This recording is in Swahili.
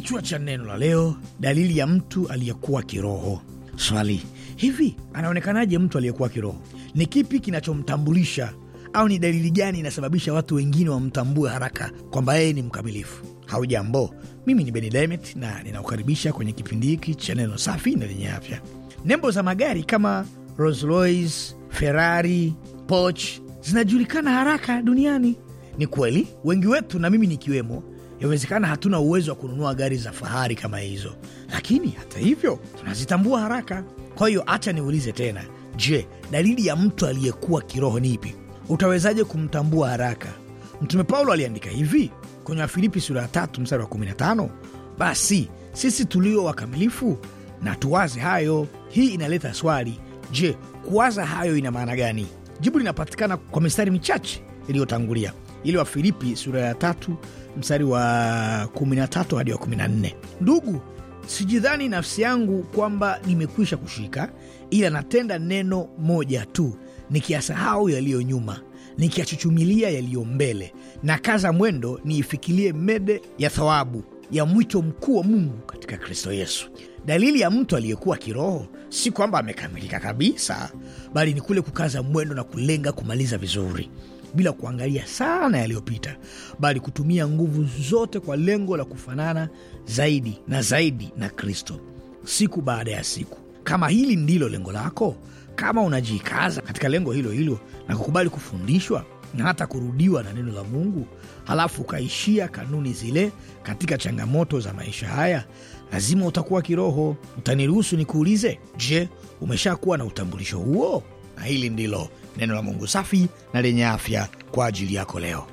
Kichwa cha neno la leo, dalili ya mtu aliyekuwa kiroho. Swali, hivi anaonekanaje mtu aliyekuwa kiroho? Ni kipi kinachomtambulisha, au ni dalili gani inasababisha watu wengine wamtambue haraka kwamba yeye ni mkamilifu? Haujambo, mimi ni Beni Demet na ninakukaribisha kwenye kipindi hiki cha neno safi na lenye afya. Nembo za magari kama Rolls Royce, Ferrari, Porsche zinajulikana haraka duniani. Ni kweli wengi wetu, na mimi nikiwemo, Yawezekana hatuna uwezo wa kununua gari za fahari kama hizo, lakini hata hivyo tunazitambua haraka. Kwa hiyo hacha niulize tena, je, dalili ya mtu aliyekuwa kiroho ni ipi? Utawezaje kumtambua haraka? Mtume Paulo aliandika hivi kwenye Wafilipi sura ya tatu msari wa 15, basi sisi tulio wakamilifu na tuwaze hayo. Hii inaleta swali, je, kuwaza hayo ina maana gani? Jibu linapatikana kwa mistari michache iliyotangulia ile Wafilipi sura ya tatu mstari wa 13 hadi wa 14. Ndugu, sijidhani nafsi yangu kwamba nimekwisha kushika, ila natenda neno moja tu, nikiyasahau yaliyo nyuma nikiyachuchumilia yaliyo mbele, na kaza mwendo niifikilie mede ya thawabu ya mwito mkuu wa Mungu katika Kristo Yesu. Dalili ya mtu aliyekuwa kiroho si kwamba amekamilika kabisa, bali ni kule kukaza mwendo na kulenga kumaliza vizuri bila kuangalia sana yaliyopita, bali kutumia nguvu zote kwa lengo la kufanana zaidi na zaidi na Kristo siku baada ya siku. Kama hili ndilo lengo lako, kama unajikaza katika lengo hilo hilo na kukubali kufundishwa na hata kurudiwa na neno la Mungu, halafu ukaishia kanuni zile katika changamoto za maisha haya, lazima utakuwa kiroho. Utaniruhusu nikuulize, je, umeshakuwa na utambulisho huo? Na hili ndilo neno la Mungu safi na lenye afya kwa ajili yako leo.